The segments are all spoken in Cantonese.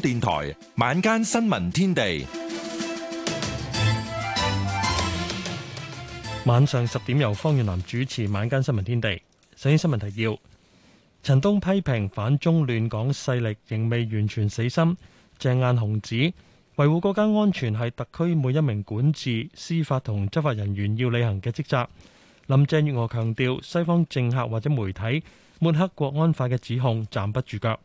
電台晚間新聞天地，晚上十點由方月南主持晚間新聞天地。首先新聞提要：陳東批評反中亂港勢力仍未完全死心。鄭雁雄指維護國家安全係特區每一名管治、司法同執法人員要履行嘅職責。林鄭月娥強調，西方政客或者媒體抹黑國安法嘅指控站不住腳。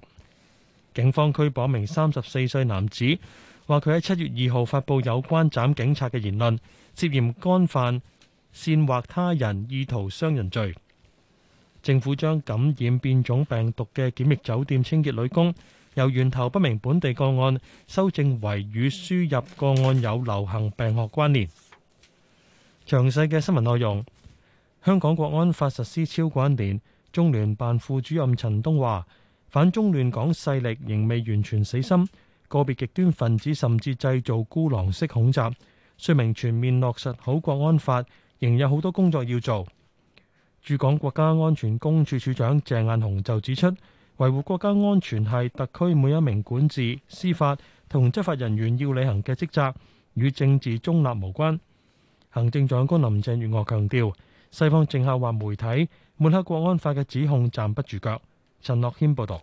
警方拘捕名三十四歲男子，話佢喺七月二號發佈有關斬警察嘅言論，涉嫌干犯煽惑他人意圖傷人罪。政府將感染變種病毒嘅檢疫酒店清潔女工由源頭不明本地個案，修正為與輸入個案有流行病學關聯。詳細嘅新聞內容，香港國安法實施超過一年，中聯辦副主任陳東華。反中亂港勢力仍未完全死心，個別極端分子甚至製造孤狼式恐襲，說明全面落實好國安法仍有好多工作要做。駐港國家安全公署署長鄭雁雄就指出，維護國家安全係特區每一名管治、司法同執法人員要履行嘅職責，與政治中立無關。行政長官林鄭月娥強調，西方政客或媒體抹黑國安法嘅指控站不住腳。陳樂謙報道，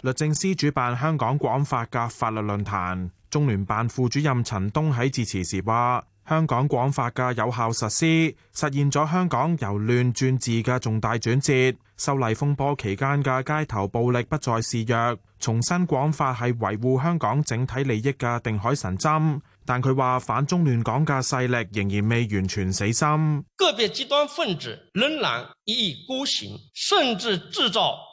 律政司主辦香港國安法嘅法律論壇，中聯辦副主任陳東喺致辭時話，香港國安法嘅有效實施，實現咗香港由亂轉治嘅重大轉折。修例風波期間嘅街頭暴力不再肆虐，重申國安法係維護香港整體利益嘅定海神針。但佢話反中亂港嘅勢力仍然未完全死心，個別極端分子仍然一意孤行，甚至製造。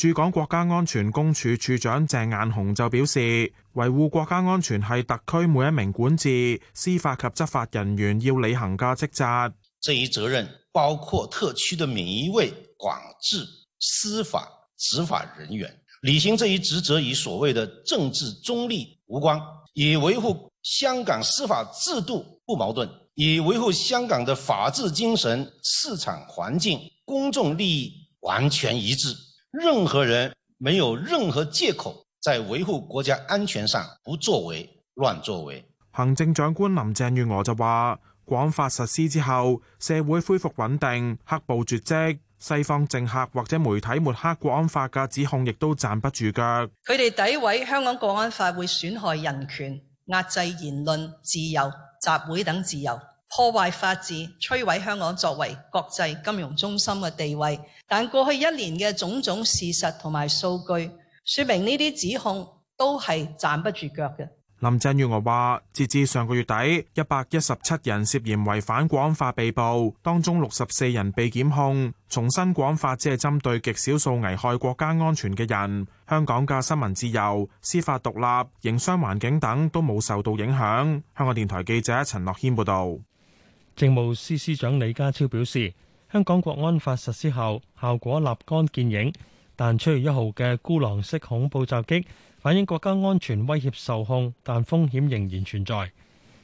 駐港國家安全公署署長鄭雁雄就表示，維護國家安全係特區每一名管治、司法及執法人員要履行嘅職責。這一責任包括特區的每一位管制、司法、執法人員履行這一職責，與所謂的政治中立無關，與維護香港司法制度不矛盾，與維護香港的法治精神、市場環境、公眾利益完全一致。任何人沒有任何借口，在維護國家安全上不作為、亂作為。行政長官林鄭月娥就話，國安法實施之後，社會恢復穩定，黑暴絕迹。西方政客或者媒體抹黑國安法嘅指控，亦都站不住腳。佢哋詆毀香港國安法會損害人權、壓制言論自由、集會等自由。破壞法治、摧毀香港作為國際金融中心嘅地位，但過去一年嘅種種事實同埋數據，説明呢啲指控都係站不住腳嘅。林鄭月娥話，截至上個月底，一百一十七人涉嫌違反國安法被捕，當中六十四人被檢控。重新國安法只係針對極少數危害國家安全嘅人。香港嘅新聞自由、司法獨立、營商環境等都冇受到影響。香港電台記者陳樂謙報導。政務司司長李家超表示，香港國安法實施後效果立竿見影，但七月一號嘅孤狼式恐怖襲擊反映國家安全威脅受控，但風險仍然存在。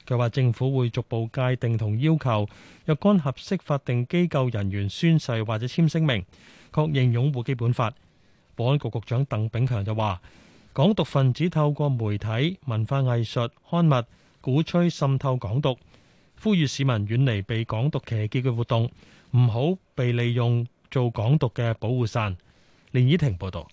佢話政府會逐步界定同要求若干合適法定機構人員宣誓或者簽聲明，確認擁護基本法。保安局局長鄧炳強就話，港獨分子透過媒體、文化藝術、刊物鼓吹滲透港獨。呼籲市民遠離被港獨騎劫嘅活動，唔好被利用做港獨嘅保護傘。連以婷報道。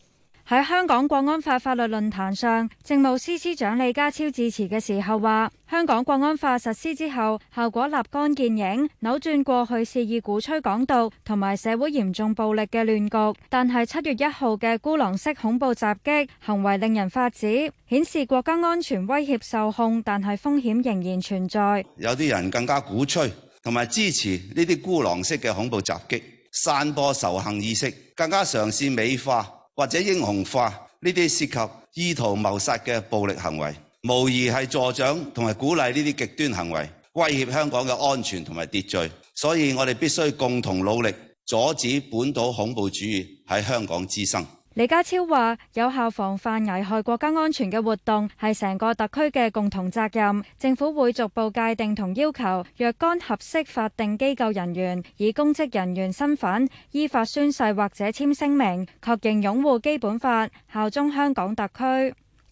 喺香港國安法法律論壇上，政務司司長李家超致辭嘅時候話：香港國安法實施之後，效果立竿見影，扭轉過去肆意鼓吹港獨同埋社會嚴重暴力嘅亂局。但係七月一號嘅孤狼式恐怖襲擊行為令人髮指，顯示國家安全威脅受控，但係風險仍然存在。有啲人更加鼓吹同埋支持呢啲孤狼式嘅恐怖襲擊，散播仇恨意識，更加嘗試美化。或者英雄化呢啲涉及意圖謀殺嘅暴力行為，無疑係助長同埋鼓勵呢啲極端行為，威脅香港嘅安全同埋秩序。所以我哋必須共同努力，阻止本土恐怖主義喺香港滋生。李家超話：有效防範危害國家安全嘅活動係成個特區嘅共同責任。政府會逐步界定同要求，若干合適法定機構人員以公職人員身份依法宣誓或者簽聲明，確認擁護基本法、效忠香港特區。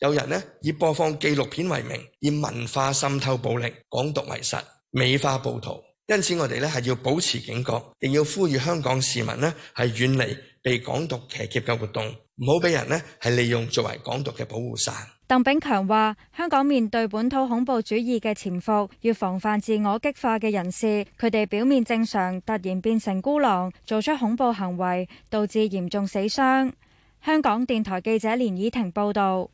有人呢以播放紀錄片為名，以文化滲透暴力、港獨為實美化暴徒，因此我哋呢，係要保持警覺，亦要呼籲香港市民呢，係遠離被港獨騎劫嘅活動，唔好俾人呢，係利用作為港獨嘅保護傘。鄧炳強話：香港面對本土恐怖主義嘅潛伏，要防範自我激化嘅人士，佢哋表面正常，突然變成孤狼，做出恐怖行為，導致嚴重死傷。香港電台記者連以婷報道。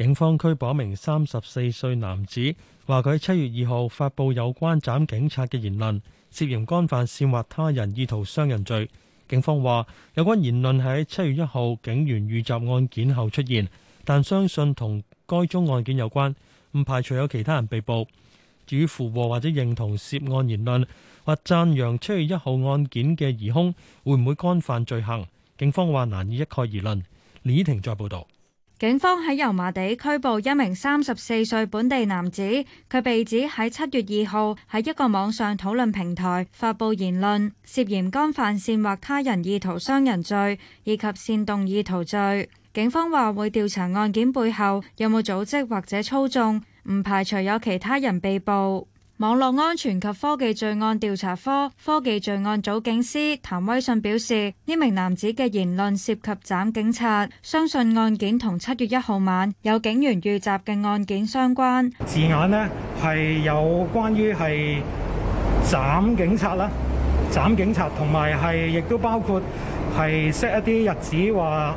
警方拘捕一名三十四歲男子，話佢七月二號發布有關斬警察嘅言論，涉嫌干犯煽惑他人意圖傷人罪。警方話有關言論喺七月一號警員遇襲案件後出現，但相信同該宗案件有關，唔排除有其他人被捕。至於附和或者認同涉案言論或讚揚七月一號案件嘅疑兇會唔會干犯罪行，警方話難以一概而論。李婷再報道。警方喺油麻地拘捕一名三十四歲本地男子，佢被指喺七月二號喺一個網上討論平台發布言論，涉嫌干犯煽惑他人意圖傷人罪以及煽動意圖罪。警方話會調查案件背後有冇組織或者操縱，唔排除有其他人被捕。網絡安全及科技罪案調查科科技罪案組警司譚威信表示：呢名男子嘅言論涉及斬警察，相信案件同七月一號晚有警員遇襲嘅案件相關。字眼呢係有關於係斬警察啦，斬警察同埋係亦都包括係 set 一啲日子話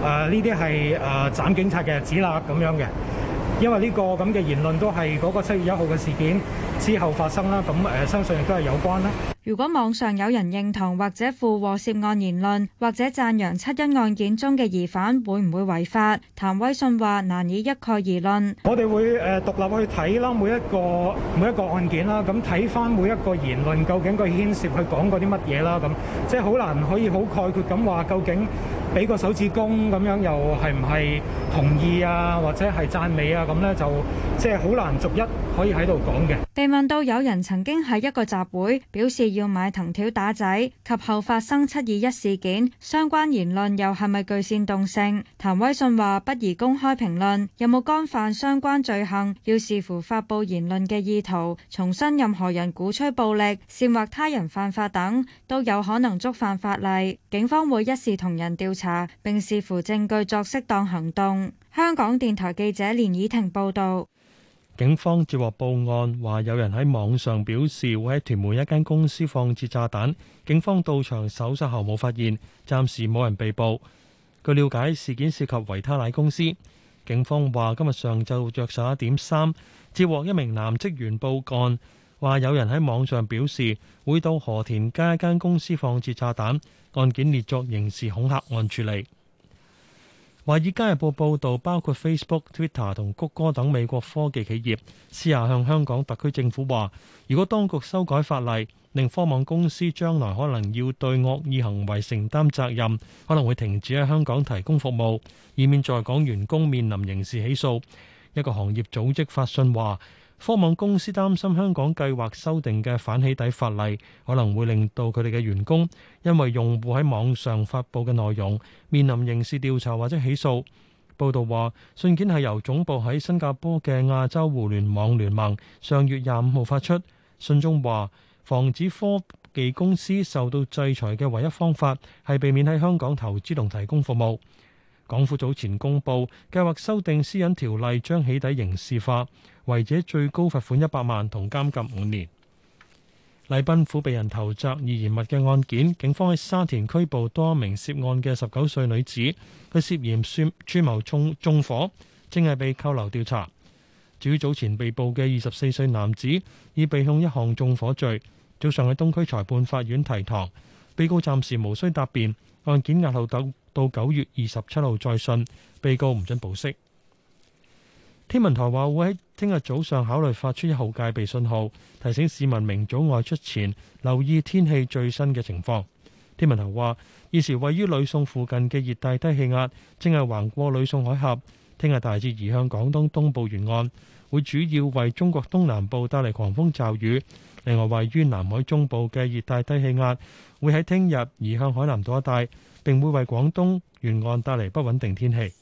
誒呢啲係誒斬警察嘅日子啦咁樣嘅。因為呢個咁嘅言論都係嗰個七月一號嘅事件之後發生啦，咁誒、呃、相信亦都係有關啦。如果網上有人認同或者附和涉案言論，或者讚揚七一案件中嘅疑犯，會唔會違法？譚威信話難以一概而論。我哋會誒獨立去睇啦，每一個每一個案件啦，咁睇翻每一個言論究竟佢牽涉去講過啲乜嘢啦，咁即係好難可以好概括咁話，究竟俾個手指公咁樣又係唔係同意啊，或者係讚美啊？咁咧就即係好難逐一可以喺度講嘅。被問到有人曾經喺一個集會表示要買藤條打仔，及後發生七二一事件，相關言論，又係咪具煽動性？譚威信話：不宜公開評論，有冇干犯相關罪行，要視乎發布言論嘅意圖。重申任何人鼓吹暴力、煽惑他人犯法等，都有可能觸犯法例。警方會一視同仁調查，並視乎證據作適當行動。香港電台記者連以婷報導。警方接獲報案，話有人喺網上表示會喺屯門一間公司放置炸彈。警方到場搜查後冇發現，暫時冇人被捕。據了解，事件涉及維他奶公司。警方話今日上晝約十一點三，接獲一名男職員報案，話有人喺網上表示會到河田街一間公司放置炸彈。案件列作刑事恐嚇案處理。《華爾街日報》報道，包括 Facebook、Twitter 同谷歌等美國科技企業私下向香港特區政府話，如果當局修改法例，令科網公司將來可能要對惡意行為承擔責任，可能會停止喺香港提供服務，以免在港員工面臨刑事起訴。一個行業組織發信話。科網公司擔心香港計劃修訂嘅反起底法例，可能會令到佢哋嘅員工因為用戶喺網上發佈嘅內容面臨刑事調查或者起訴。報道話，信件係由總部喺新加坡嘅亞洲互聯網聯盟上月廿五號發出，信中話，防止科技公司受到制裁嘅唯一方法係避免喺香港投資同提供服務。港府早前公布計劃修訂私隱條例，將起底刑事化，違者最高罰款一百萬同監禁五年。禮賓府被人投擲易燃物嘅案件，警方喺沙田拘捕多名涉案嘅十九歲女子，佢涉嫌串串謀縱縱火，正係被扣留調查。至於早前被捕嘅二十四歲男子，已被控一項縱火罪，早上喺東區裁判法院提堂，被告暫時無需答辯，案件押後到，到九月二十七號再訊被告唔准保釋。天文台話會喺聽日早上考慮發出一號戒備信號，提醒市民明早外出前留意天氣最新嘅情況。天文台話，現時位於呂宋附近嘅熱帶低氣壓正係橫過呂宋海峽，聽日大致移向廣東東部沿岸，會主要為中國東南部帶嚟狂風驟雨。另外，位於南海中部嘅熱帶低氣壓會喺聽日移向海南島一帶。並會為廣東沿岸帶嚟不穩定天氣。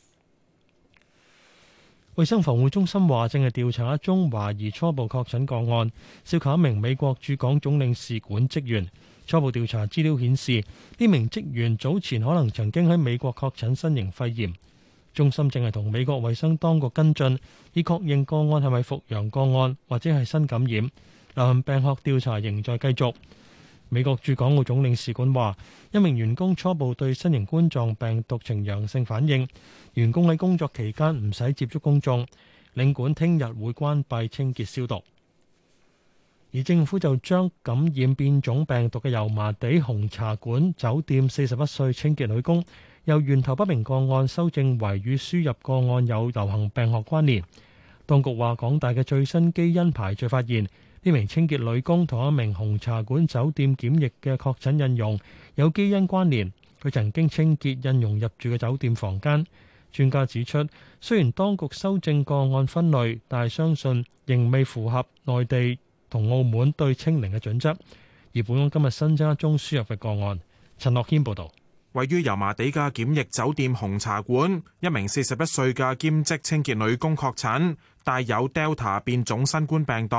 衛生防護中心話，正係調查一宗懷疑初步確診個案，涉及一名美國駐港總領事館職員。初步調查資料顯示，呢名職員早前可能曾經喺美國確診新型肺炎。中心正係同美國衛生當局跟進，以確認個案係咪復陽個案，或者係新感染。流行病學調查仍在繼續。美國駐港澳總領事館話，一名員工初步對新型冠狀病毒呈陽性反應。員工喺工作期間唔使接觸公眾，領館聽日會關閉清潔消毒。而政府就將感染變種病毒嘅油麻地紅茶館酒店四十一歲清潔女工，由源頭不明個案修正為與輸入個案有流行病學關聯。當局話，港大嘅最新基因排序發現。呢名清潔女工同一名紅茶館酒店檢疫嘅確診印傭有基因關聯，佢曾經清潔印傭入住嘅酒店房間。專家指出，雖然當局修正個案分類，但係相信仍未符合內地同澳門對清零嘅準則。而本港今日新增一宗輸入嘅個案。陳樂謙報道，位於油麻地嘅檢疫酒店紅茶館，一名四十一歲嘅兼職清潔女工確診，帶有 Delta 變種新冠病毒。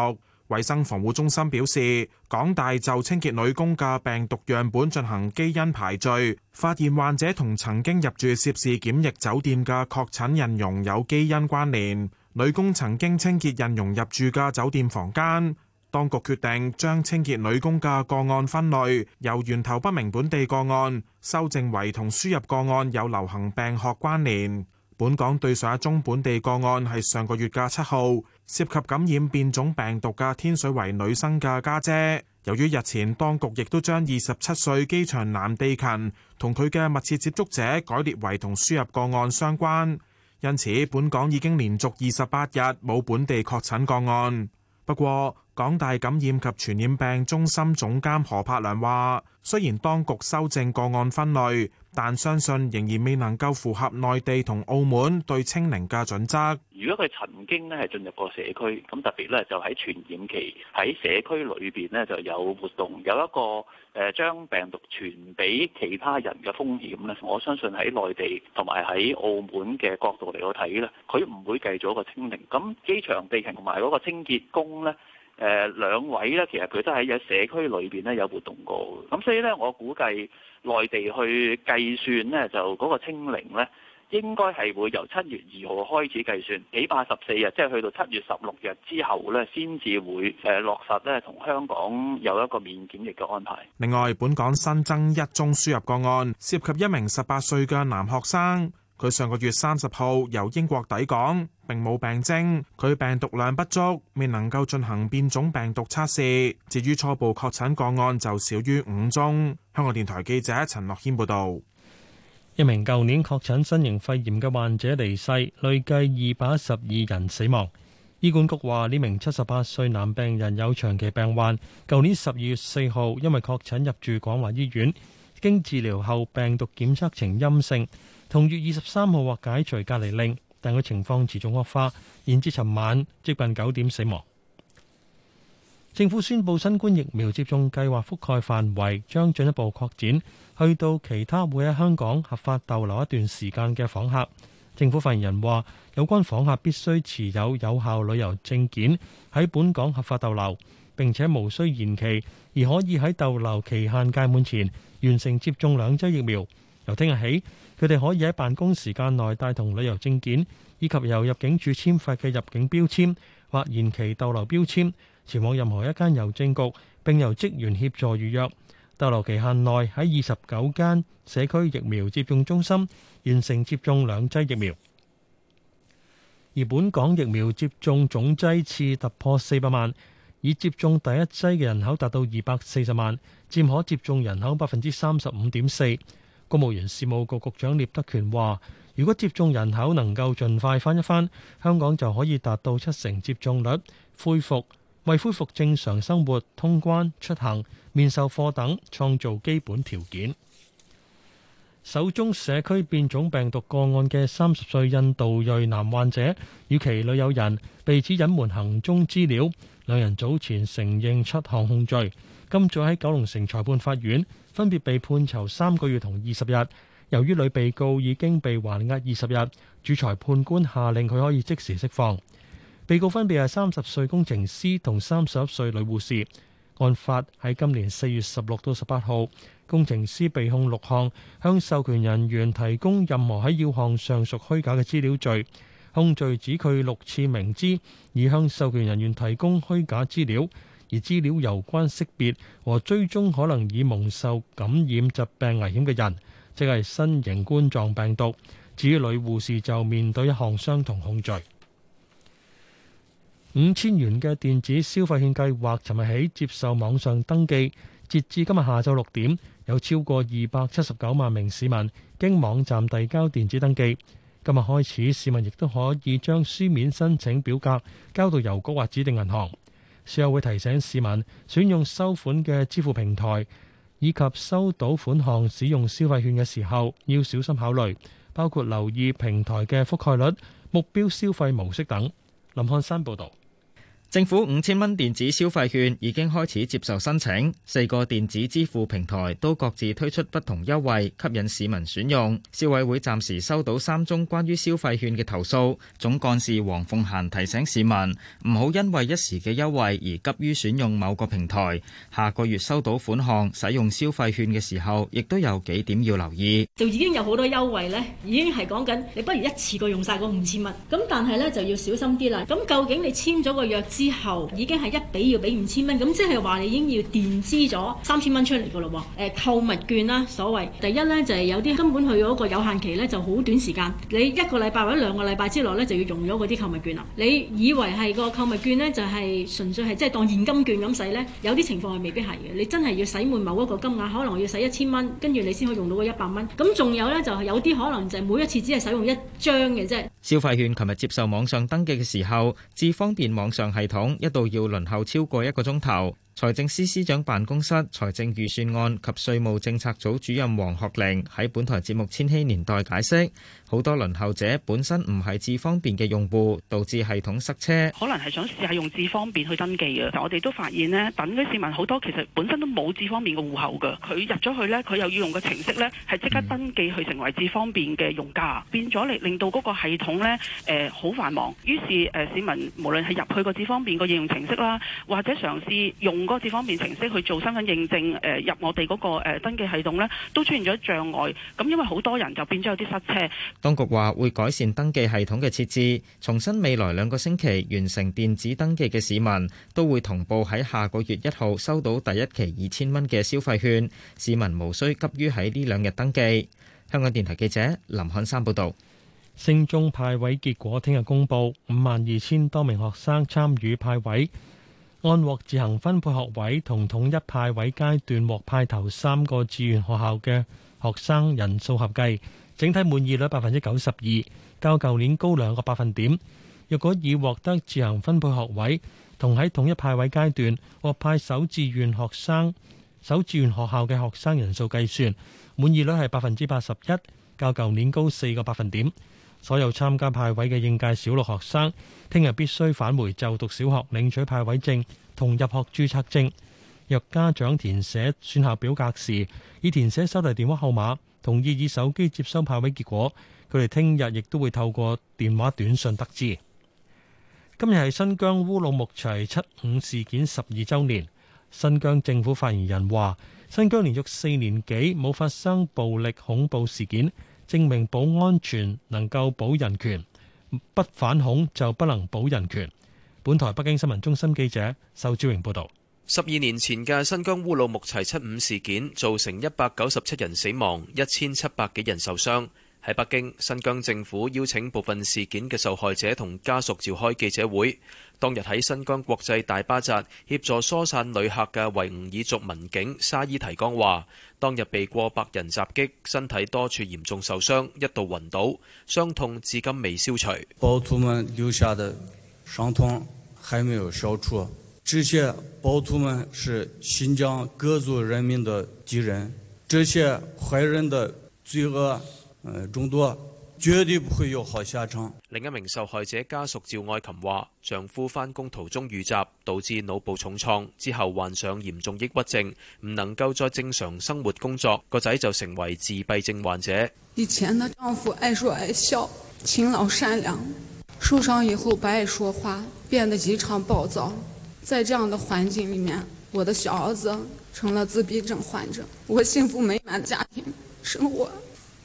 衛生防護中心表示，港大就清潔女工嘅病毒樣本進行基因排序，發現患者同曾經入住涉事檢疫酒店嘅確診印傭有基因關聯。女工曾經清潔印傭入住嘅酒店房間，當局決定將清潔女工嘅個案分類由源頭不明本地個案修正為同輸入個案有流行病學關聯。本港對上一宗本地個案係上個月嘅七號。涉及感染變種病毒嘅天水圍女生嘅家姐，由於日前當局亦都將二十七歲機場男地勤同佢嘅密切接觸者改列為同輸入個案相關，因此本港已經連續二十八日冇本地確診個案。不過，港大感染及傳染病中心總監何柏良話，雖然當局修正個案分類，但相信仍然未能夠符合內地同澳門對清零嘅準則。如果佢曾經咧係進入過社區，咁特別咧就喺傳染期喺社區裏邊咧就有活動，有一個誒將病毒傳俾其他人嘅風險咧，我相信喺內地同埋喺澳門嘅角度嚟到睇咧，佢唔會繼續一個清零。咁機場地勤同埋嗰個清潔工咧。誒兩位咧，其實佢都喺社區裏邊咧有活動過嘅，咁所以咧，我估計內地去計算咧，就嗰個清零咧，應該係會由七月二號開始計算，起碼十四日，即係去到七月十六日之後咧，先至會誒落實咧，同香港有一個免檢疫嘅安排。另外，本港新增一宗輸入個案，涉及一名十八歲嘅男學生。佢上個月三十號由英國抵港，並冇病徵。佢病毒量不足，未能夠進行變種病毒測試。至於初步確診個案就少於五宗。香港電台記者陳樂謙報道：一名舊年確診新型肺炎嘅患者離世，累計二百一十二人死亡。醫管局話呢名七十八歲男病人有長期病患，舊年十二月四號因為確診入住廣華醫院，經治療後病毒檢測呈陰性。同月二十三號或解除隔離令，但佢情況持續惡化，延至尋晚接近九點死亡。政府宣布新冠疫苗接種計劃覆蓋範圍將進一步擴展，去到其他會喺香港合法逗留一段時間嘅訪客。政府發言人話：有關訪客必須持有有效旅遊證件喺本港合法逗留，並且無需延期，而可以喺逗留期限屆滿前完成接種兩劑疫苗。由聽日起。佢哋可以喺辦公時間內帶同旅遊證件，以及由入境處簽發嘅入境標籤或延期逗留標籤，前往任何一間郵政局，並由職員協助預約逗留期限內喺二十九間社區疫苗接種中心完成接種兩劑疫苗。而本港疫苗接種總劑次突破四百萬，已接種第一劑嘅人口達到二百四十萬，佔可接種人口百分之三十五點四。公務員事務局局長聶德權話，如果接種人口能夠盡快翻一翻，香港就可以達到七成接種率，恢復為恢復正常生活、通關、出行、面授課等創造基本條件。首宗社區變種病毒個案嘅三十歲印度裔男患者與其女友人被指隱瞞行蹤資料，兩人早前承認七項控罪，今早喺九龍城裁判法院分別被判囚三個月同二十日。由於女被告已經被還押二十日，主裁判官下令佢可以即時釋放。被告分別係三十歲工程師同三十一歲女護士。案發喺今年四月十六到十八號。工程師被控六項向授權人員提供任何喺要項上屬虛假嘅資料罪，控罪指佢六次明知而向授權人員提供虛假資料。而資料有關識別和追蹤可能已蒙受感染疾病危險嘅人，即係新型冠狀病毒。至於女護士就面對一項相同控罪。五千元嘅電子消費券計劃，尋日起接受網上登記，截至今日下晝六點，有超過二百七十九萬名市民經網站遞交電子登記。今日開始，市民亦都可以將書面申請表格交到郵局或指定銀行。事後會提醒市民選用收款嘅支付平台，以及收到款項使用消費券嘅時候要小心考慮，包括留意平台嘅覆蓋率、目標消費模式等。林漢山報導。政府五千蚊電子消費券已經開始接受申請，四個電子支付平台都各自推出不同優惠，吸引市民選用。消委會暫時收到三宗關於消費券嘅投訴，總幹事黃鳳嫻提醒市民唔好因為一時嘅優惠而急於選用某個平台。下個月收到款項使用消費券嘅時候，亦都有幾點要留意。就已經有好多優惠咧，已經係講緊，你不如一次過用晒嗰五千蚊。咁但係咧就要小心啲啦。咁究竟你簽咗個約。之後已經係一比要俾五千蚊，咁即係話你已經要墊資咗三千蚊出嚟噶咯喎。誒、購物券啦，所謂第一咧就係有啲根本佢嗰個有限期咧就好短時間，你一個禮拜或者兩個禮拜之內咧就要用咗嗰啲購物券啦。你以為係個購物券咧就係純粹係即係當現金券咁使咧？有啲情況係未必係嘅。你真係要使滿某一個金額，可能要使一千蚊，跟住你先可以用到嗰一百蚊。咁仲有咧就係有啲可能就係每一次只係使用一張嘅啫。消費券琴日接受網上登記嘅時候，至方便網上系統，一度要輪候超過一個鐘頭。財政司司長辦公室財政預算案及稅務政策組主任黃學玲喺本台節目《千禧年代》解釋，好多輪候者本身唔係智方便嘅用戶，導致系統塞車。可能係想試下用智方便去登記嘅，但我哋都發現呢，等嘅市民好多其實本身都冇智方便嘅戶口噶，佢入咗去呢，佢又要用個程式呢，係即刻登記去成為智方便嘅用家，變咗嚟令到嗰個系統呢，誒、呃、好繁忙。於是誒、呃、市民無論係入去個智方便個應用程式啦，或者嘗試用嗰次方面程式去做身份認證，誒入我哋嗰個誒登記系統咧，都出現咗障礙。咁因為好多人就變咗有啲塞車。當局話會改善登記系統嘅設置，重新未來兩個星期完成電子登記嘅市民，都會同步喺下個月一號收到第一期二千蚊嘅消費券。市民無需急於喺呢兩日登記。香港電台記者林漢山報導。升中派位結果聽日公佈，五萬二千多名學生參與派位。按獲自行分配學位同統一派位階段獲派頭三個志願學校嘅學生人數合計，整體滿意率百分之九十二，較舊年高兩個百分點。若果以獲得自行分配學位同喺統一派位階段獲派首志願學生首志願學校嘅學生人數計算，滿意率係百分之八十一，較舊年高四個百分點。所有參加派位嘅應屆小六學生，聽日必須返回就讀小學領取派位證同入學註冊證。若家長填寫選校表格時，以填寫手提電話號碼同意以手機接收派位結果，佢哋聽日亦都會透過電話短信得知。今日係新疆烏魯木齊七五事件十二週年，新疆政府發言人話：新疆連續四年幾冇發生暴力恐怖事件。證明保安全能夠保人權，不反恐就不能保人權。本台北京新聞中心記者秀志榮報道。十二年前嘅新疆烏魯木齊七五事件造成一百九十七人死亡，一千七百幾人受傷。喺北京，新疆政府邀請部分事件嘅受害者同家屬召開記者會。當日喺新疆國際大巴扎協助疏散旅客嘅維吾爾族民警沙伊提江話：當日被過百人襲擊，身體多處嚴重受傷，一度暈倒，傷痛至今未消除。暴徒們留下的傷痛還沒有消除。這些暴徒們是新疆各族人民的敵人，這些壞人的罪惡，嗯，眾多。絕對不會有好下場。另一名受害者家屬趙愛琴話，丈夫返工途中遇襲，導致腦部重創，之後患上嚴重抑鬱症，唔能夠再正常生活工作，個仔就成為自閉症患者。以前的丈夫愛說愛笑，勤勞善良，受傷以後不愛說話，變得異常暴躁。在這樣的環境裏面，我的小兒子成了自閉症患者，我幸福美滿的家庭生活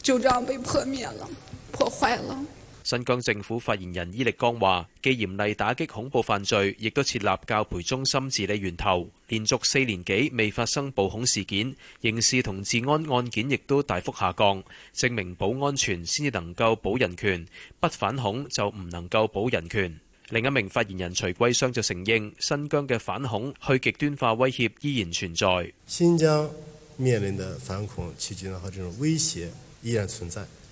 就這樣被破滅了。破壞了。新疆政府發言人伊力江話，既嚴厲打擊恐怖犯罪，亦都設立教培中心治理源頭。連續四年幾未發生暴恐事件，刑事同治安案件亦都大幅下降，證明保安全先至能夠保人權，不反恐就唔能夠保人權。另一名發言人徐貴相就承認，新疆嘅反恐去極端化威脅依然存在。新疆面臨的反恐、去極端化威脅依然存在。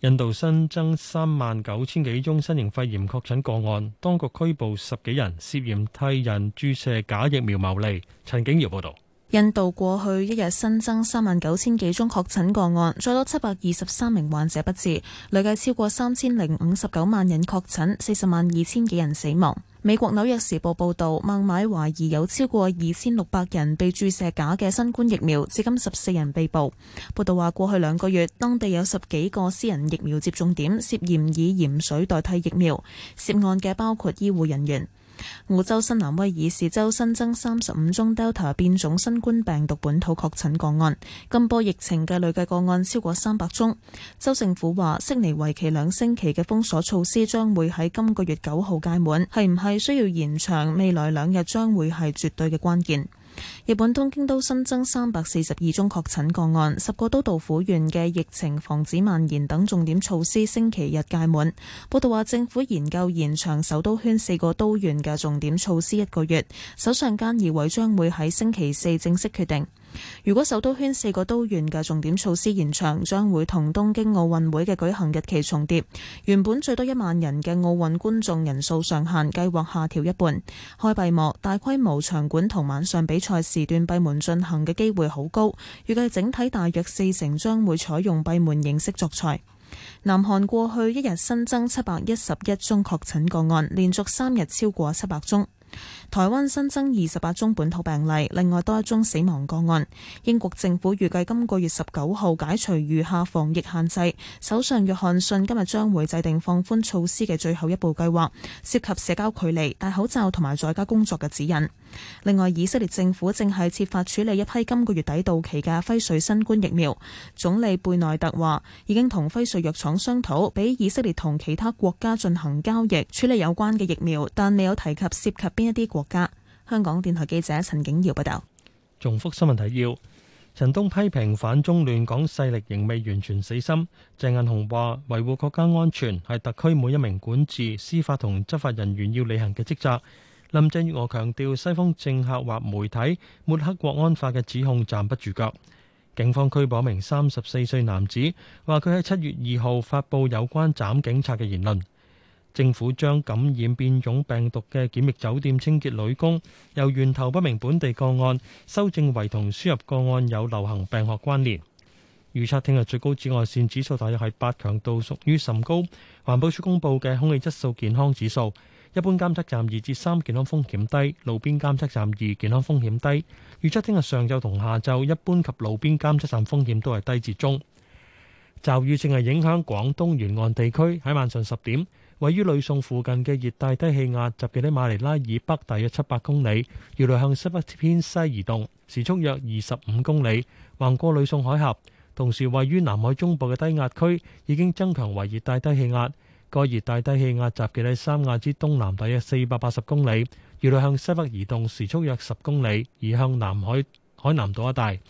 印度新增三萬九千幾宗新型肺炎確診個案，當局拘捕十幾人涉嫌替人注射假疫苗牟利。陳景瑤報道：印度過去一日新增三萬九千幾宗確診個案，再多七百二十三名患者不治，累計超過三千零五十九萬人確診，四十萬二千幾人死亡。美國紐約時報報道，孟買懷疑有超過二千六百人被注射假嘅新冠疫苗，至今十四人被捕。報道話，過去兩個月，當地有十幾個私人疫苗接種點涉嫌以鹽水代替疫苗，涉案嘅包括醫護人員。澳洲新南威爾士州新增三十五宗 Delta 變種新冠病毒本土確診個案，今波疫情嘅累計個案超過三百宗。州政府話，悉尼為期兩星期嘅封鎖措施將會喺今個月九號屆滿，係唔係需要延長？未來兩日將會係絕對嘅關鍵。日本東京都新增三百四十二宗確診個案，十個都道府縣嘅疫情防止蔓延等重點措施星期日屆滿。報道話，政府研究延長首都圈四個都縣嘅重點措施一個月，首相菅義偉將會喺星期四正式決定。如果首都圈四個都縣嘅重點措施延長，將會同東京奧運會嘅舉行日期重疊。原本最多一萬人嘅奧運觀眾人數上限，計劃下調一半。開閉幕大規模場館同晚上比賽時段閉門進行嘅機會好高。預計整體大約四成將會採用閉門形式作賽。南韓過去一日新增七百一十一宗確診個案，連續三日超過七百宗。台灣新增二十八宗本土病例，另外多一宗死亡個案。英國政府預計今個月十九號解除餘下防疫限制。首相約翰遜今日將會制定放寬措施嘅最後一步計劃，涉及社交距離、戴口罩同埋在家工作嘅指引。另外，以色列政府正係設法處理一批今個月底到期嘅輝瑞新冠疫苗。總理貝內特話已經同輝瑞藥廠商討，俾以色列同其他國家進行交易處理有關嘅疫苗，但未有提及涉及邊一啲國家。香港電台記者陳景堯報道：「重複新聞提要：陳東批評反中亂港勢力仍未完全死心。鄭雁雄話維護國家安全係特區每一名管治、司法同執法人員要履行嘅職責。林鄭月娥強調，西方政客或媒體抹黑國安法嘅指控站不住腳。警方拘捕一名三十四歲男子，話佢喺七月二號發布有關斬警察嘅言論。政府將感染變種病毒嘅檢疫酒店清潔女工由源頭不明本地個案修正為同輸入個案有流行病學關聯。預測聽日最高紫外線指數大約係八強度，屬於甚高。環保署公布嘅空氣質素健康指數。一般監測站二至三，健康風險低，路邊監測站二，健康風險低。預測聽日上晝同下晝，一般及路邊監測站風險都係低至中。驟雨正係影響廣東沿岸地區。喺晚上十點，位於呂宋附近嘅熱帶低氣壓，集結喺馬尼拉以北大約七百公里，原來向西北偏西移動，時速約二十五公里，橫過呂宋海峽。同時，位於南海中部嘅低壓區已經增強為熱帶低氣壓。該熱帶低氣壓集結喺三亞之東南，大約四百八十公里，預料向西北移動，時速約十公里，移向南海海南島一帶。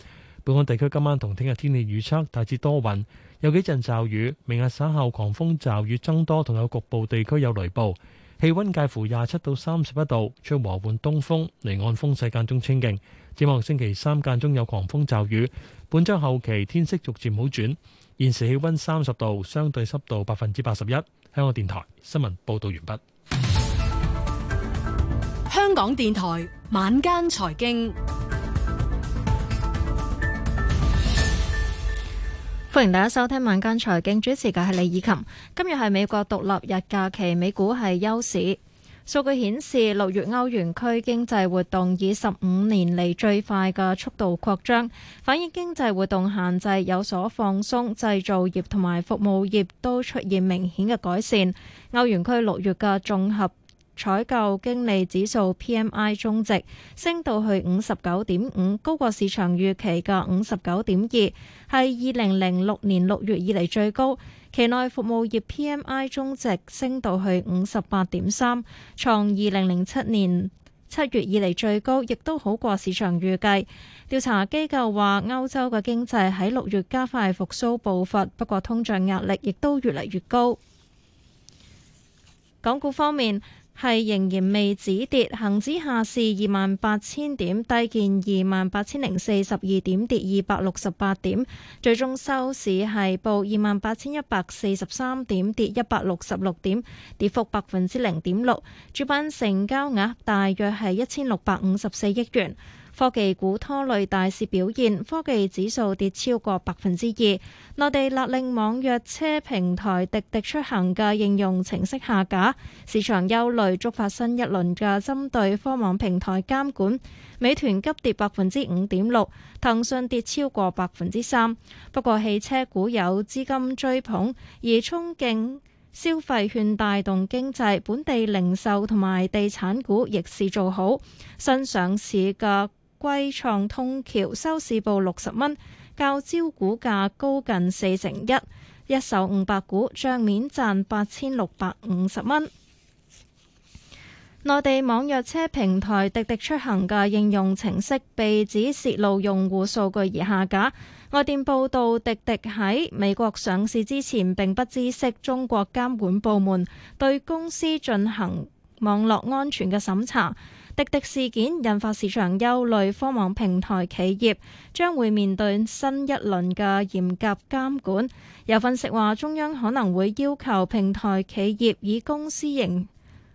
本港地區今晚同聽日天氣預測大致多雲，有幾陣驟雨。明日稍後狂風驟雨增多，同有局部地區有雷暴。氣溫介乎廿七到三十一度，吹和緩東風，離岸風勢間中清勁。展望星期三間中有狂風驟雨。本周後期天色逐漸好轉。現時氣溫三十度，相對濕度百分之八十一。香港電台新聞報道完畢。香港電台晚間財經，歡迎大家收聽晚間財經，主持嘅係李以琴。今日係美國獨立日假期，美股係休市。數據顯示，六月歐元區經濟活動以十五年嚟最快嘅速度擴張，反映經濟活動限制有所放鬆，製造業同埋服務業都出現明顯嘅改善。歐元區六月嘅綜合採購經理指數 （PMI） 終值升到去五十九點五，高過市場預期嘅五十九點二，係二零零六年六月以嚟最高。期內服務業 PMI 終值升到去五十八點三，創二零零七年七月以嚟最高，亦都好過市場預計。調查機構話，歐洲嘅經濟喺六月加快復蘇步伐，不過通脹壓力亦都越嚟越高。港股方面。係仍然未止跌，恒指下市二萬八千點，低見二萬八千零四十二點，跌二百六十八點，最終收市係報二萬八千一百四十三點，跌一百六十六點，跌幅百分之零點六。主板成交額大約係一千六百五十四億元。科技股拖累大市表現，科技指數跌超過百分之二。內地勒令網約車平台滴滴出行嘅應用程式下架，市場憂慮觸發新一輪嘅針對科網平台監管。美團急跌百分之五點六，騰訊跌超過百分之三。不過汽車股有資金追捧，而憧憬消費券帶動經濟本地零售同埋地產股逆市做好，新上市嘅。桂創通橋收市報六十蚊，較招股價高近四成一，一手五百股，賬面賺八千六百五十蚊。內地網約車平台滴滴出行嘅應用程式被指洩露用戶數據而下架。外電報道，滴滴喺美國上市之前，並不知悉中國監管部門對公司進行網絡安全嘅審查。滴滴事件引發市場憂慮，科網平台企業將會面對新一輪嘅嚴格監管。有分析話中央可能會要求平台企業以公私營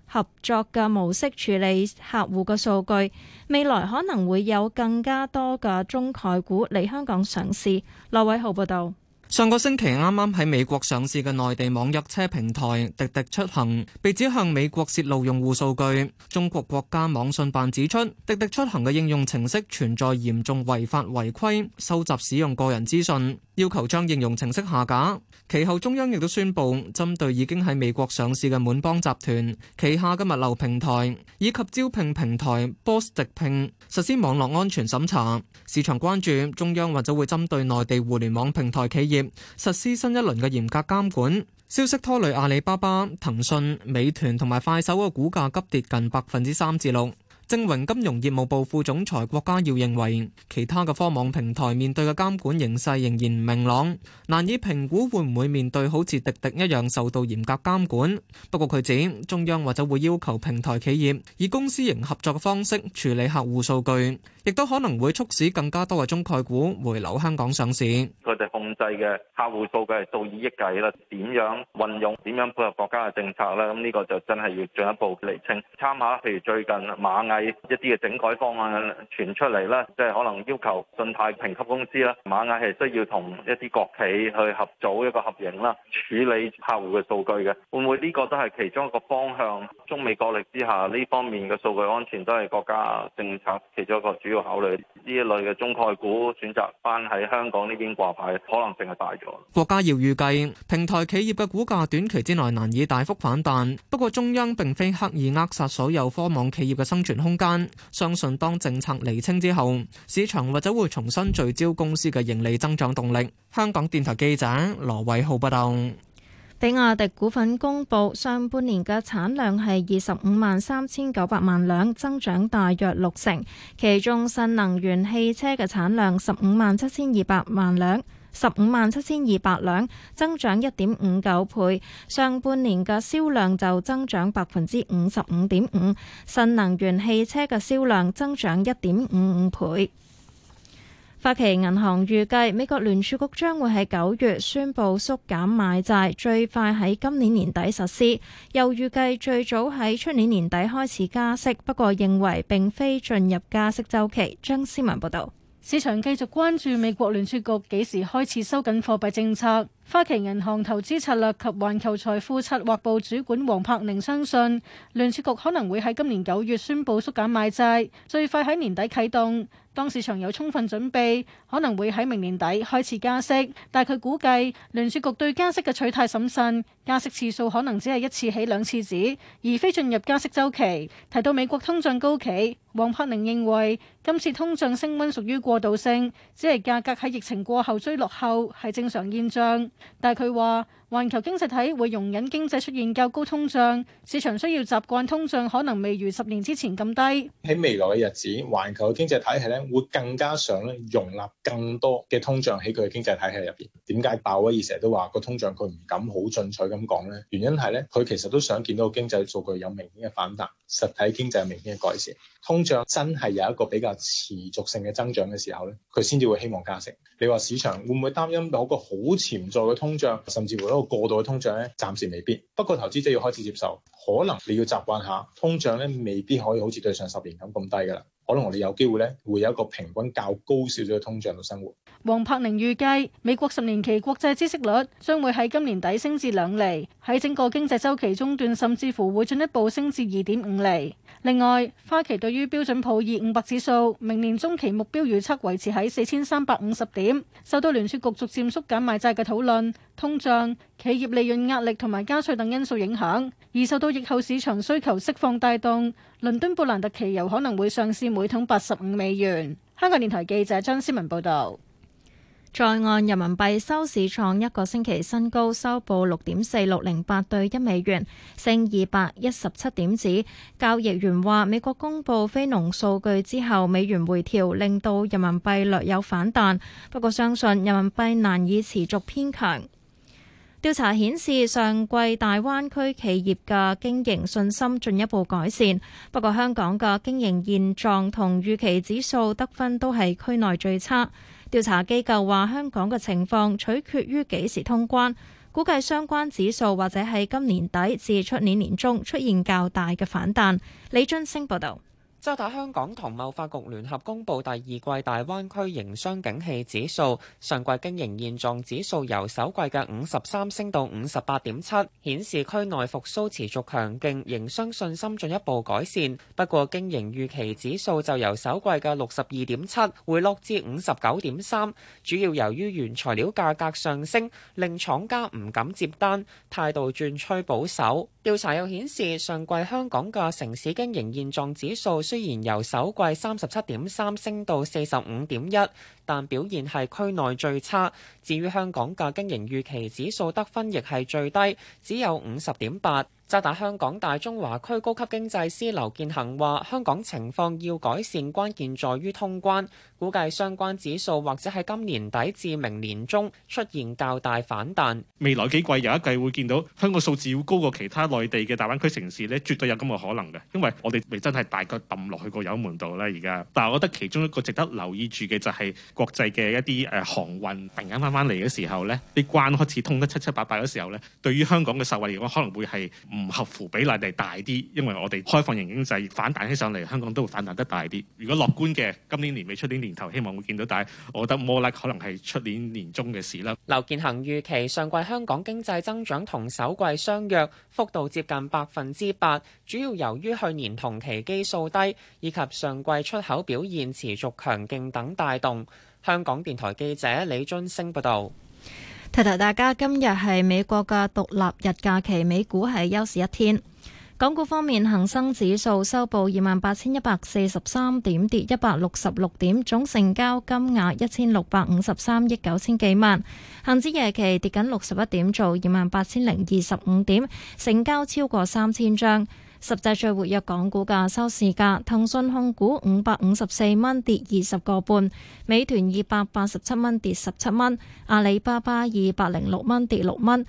合作嘅模式處理客戶嘅數據，未來可能會有更加多嘅中概股嚟香港上市。羅偉浩報道。上個星期啱啱喺美國上市嘅內地網約車平台滴滴出行被指向美國泄露用戶數據，中國國家網信辦指出滴滴出行嘅應用程式存在嚴重違法違規，收集使用個人資訊，要求將應用程式下架。其後中央亦都宣布針對已經喺美國上市嘅滿幫集團旗下嘅物流平台以及招聘平台 Boss 直聘實施網絡安全審查。市場關注中央或者會針對內地互聯網平台企業實施新一輪嘅嚴格監管，消息拖累阿里巴巴、騰訊、美團同埋快手嘅股價急跌近百分之三至六。正榮金融業務部副總裁郭家耀認為，其他嘅科網平台面對嘅監管形勢仍然唔明朗，難以評估會唔會面對好似滴滴一樣受到嚴格監管。不過佢指，中央或者會要求平台企業以公司型合作嘅方式處理客戶數據，亦都可能會促使更加多嘅中概股回流香港上市。佢哋控制嘅客戶數據係數以億計啦，點樣運用、點樣配合國家嘅政策咧？咁呢個就真係要進一步厘清。參考譬如最近螞蟻。一啲嘅整改方案傳出嚟啦，即係可能要求信貸評級公司啦，馬亞系需要同一啲國企去合組一個合營啦，處理客戶嘅數據嘅，會唔會呢個都係其中一個方向？中美角力之下，呢方面嘅數據安全都係國家政策其中一個主要考慮。呢一類嘅中概股選擇翻喺香港呢邊掛牌可能性係大咗。郭家耀預計平台企業嘅股價短期之內難以大幅反彈，不過中央並非刻意扼殺所有科網企業嘅生存空。相信當政策厘清之後，市場或者會重新聚焦公司嘅盈利增長動力。香港電台記者羅偉浩報道，比亞迪股份公布上半年嘅產量係二十五萬三千九百萬輛，增長大約六成，其中新能源汽車嘅產量十五萬七千二百萬輛。十五萬七千二百輛，增長一點五九倍。上半年嘅銷量就增長百分之五十五點五。新能源汽車嘅銷量增長一點五五倍。花旗銀行預計美國聯儲局將會喺九月宣布縮減買債，最快喺今年年底實施，又預計最早喺出年年底開始加息。不過認為並非進入加息週期。張思文報道。市場繼續關注美國聯儲局幾時開始收緊貨幣政策。花旗銀行投資策略及環球財富策劃部主管王柏寧相信，聯儲局可能會喺今年九月宣布縮減買債，最快喺年底啟動。當市場有充分準備，可能會喺明年底開始加息。但佢估計聯儲局對加息嘅取態審慎，加息次數可能只係一次起兩次止，而非進入加息周期。提到美國通脹高企，王柏寧認為今次通脹升溫屬於過渡性，只係價格喺疫情過後追落後係正常現象。但係佢話，環球經濟體會容忍經濟出現較高通脹，市場需要習慣通脹可能未如十年之前咁低。喺未來嘅日子，環球嘅經濟體系咧會更加想咧容納更多嘅通脹喺佢嘅經濟體系入邊。點解鮑威爾成日都話個通脹佢唔敢好進取咁講呢？原因係咧，佢其實都想見到經濟數據有明顯嘅反彈，實體經濟有明顯嘅改善。通脹真係有一個比較持續性嘅增長嘅時候咧，佢先至會希望加息。你話市場會唔會擔心某個好潛在嘅通脹，甚至乎一個過度嘅通脹咧，暫時未必。不過投資者要開始接受。可能你要習慣下，通脹咧未必可以好似對上十年咁咁低㗎啦。可能我哋有機會咧，會有一個平均較高少少嘅通脹嘅生活。黃柏寧預計美國十年期國債孳息率將會喺今年底升至兩釐，喺整個經濟週期中段甚至乎會進一步升至二點五釐。另外，花旗對於標準普爾五百指數明年中期目標預測維持喺四千三百五十點，受到聯儲局逐漸縮減買債嘅討論。通脹、企業利潤壓力同埋加稅等因素影響，而受到疫後市場需求釋放帶動，倫敦布蘭特期油可能會上市每桶八十五美元。香港電台記者張思文報道，在岸人民幣收市創一個星期新高，收報六點四六零八對一美元，升二百一十七點子。交易員話：美國公布非農數據之後，美元回調，令到人民幣略有反彈，不過相信人民幣難以持續偏強。調查顯示，上季大灣區企業嘅經營信心進一步改善，不過香港嘅經營現狀同預期指數得分都係區內最差。調查機構話，香港嘅情況取決於幾時通關，估計相關指數或者喺今年底至出年年中出現較大嘅反彈。李津升報導。渣打香港同貿發局聯合公佈第二季大灣區營商景氣指數，上季經營現狀指數由首季嘅五十三升到五十八點七，顯示區內復甦持續強勁，營商信心進一步改善。不過經營預期指數就由首季嘅六十二點七回落至五十九點三，主要由於原材料價格上升，令廠家唔敢接單，態度轉趨保守。調查又顯示上季香港嘅城市經營現狀指數，雖然由首季三十七點三升到四十五點一，但表現係區內最差。至於香港嘅經營預期指數得分亦係最低，只有五十點八。渣打香港大中華區高級經濟師劉建恒話：香港情況要改善，關鍵在於通關。估計相關指數或者喺今年底至明年中出現較大反彈。未來幾季有一季會見到香港數字要高過其他內地嘅大灣區城市呢，絕對有咁嘅可能嘅。因為我哋未真係大腳抌落去個油門度啦。而家，但係我覺得其中一個值得留意住嘅就係、是。國際嘅一啲誒航運突然間翻翻嚟嘅時候，呢啲關開始通得七七八八嘅時候，呢對於香港嘅受惠嚟講，可能會係唔合乎比例地大啲，因為我哋開放型經濟反彈起上嚟，香港都會反彈得大啲。如果樂觀嘅，今年年尾出年年頭，希望會見到大。我覺得摩拉、like、可能係出年年中嘅事啦。劉建恒預期上季香港經濟增長同首季相若，幅度接近百分之八，主要由於去年同期基數低，以及上季出口表現持續強勁等帶動。香港電台記者李津升報道，提提大家，今日係美國嘅獨立日假期，美股係休市一天。港股方面，恒生指數收報二萬八千一百四十三點，跌一百六十六點，總成交金額一千六百五十三億九千幾萬。恒指夜期跌緊六十一點，做二萬八千零二十五點，成交超過三千張。十隻最活躍港股價收市價，騰訊控股五百五十四蚊跌二十個半，美團二百八十七蚊跌十七蚊，阿里巴巴二百零六蚊跌六蚊，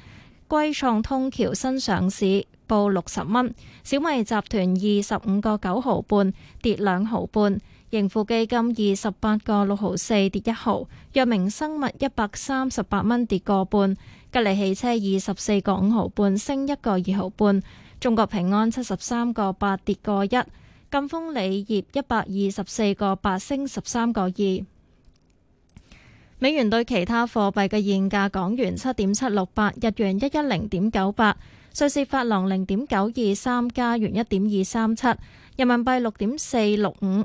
歸創通橋新上市報六十蚊，小米集團二十五個九毫半跌兩毫半，盈富基金二十八個六毫四跌一毫，藥明生物一百三十八蚊跌個半，吉利汽車二十四個五毫半升一個二毫半。中國平安七十三個八跌個一，贛鋒鋰業一百二十四個八升十三個二。美元對其他貨幣嘅現價：港元七點七六八，日元一一零點九八，瑞士法郎零點九二三，加元一點二三七，人民幣六點四六五，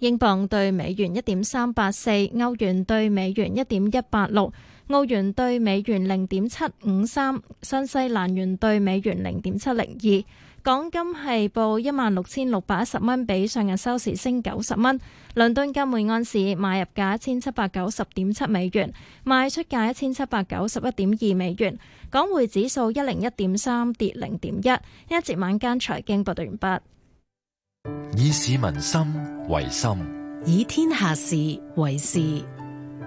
英鎊對美元一點三八四，歐元對美元一點一八六。澳元兌美元零點七五三，新西蘭元兌美元零點七零二。港金係報一萬六千六百一十蚊，比上日收市升九十蚊。倫敦金每安士買入價一千七百九十點七美元，賣出價一千七百九十一點二美元。港匯指數一零一點三，跌零點一。一節晚間財經報道完畢。以市民心為心，以天下事為事。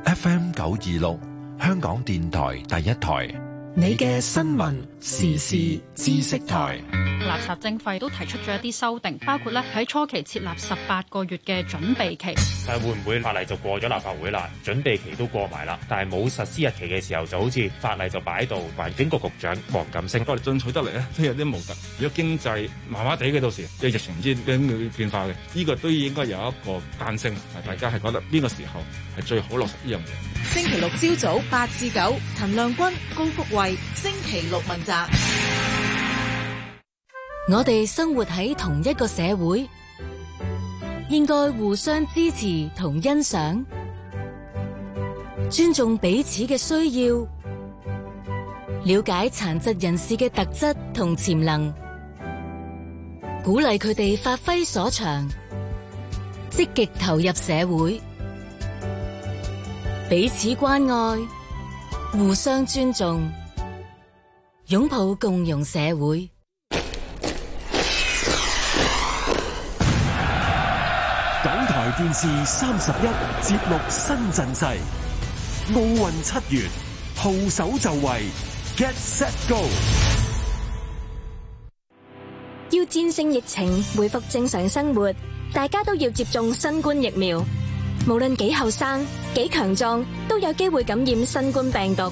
FM 九二六。香港電台第一台，你嘅新聞。時事知識台，垃圾徵費都提出咗一啲修訂，包括咧喺初期設立十八個月嘅準備期，但係會唔會法例就過咗立法會啦？準備期都過埋啦，但係冇實施日期嘅時候，就好似法例就擺喺度。環境局局長黃錦星，我你進取得嚟咧都有啲矛盾。如果經濟麻麻地嘅到時，即係疫情唔知變化嘅，呢個都應該有一個彈性。大家係覺得邊個時候係最好落實呢樣嘢？星期六朝早八至九，陳亮君、高福慧，星期六問。我哋生活喺同一個社會，應該互相支持同欣賞，尊重彼此嘅需要，了解殘疾人士嘅特質同潛能，鼓勵佢哋發揮所長，積極投入社會，彼此關愛，互相尊重。擁抱共融社會。港台電視三十一節目新陣勢。奧運七月，號手就位，Get set go。要戰勝疫情，回復正常生活，大家都要接種新冠疫苗。無論幾後生，幾強壯，都有機會感染新冠病毒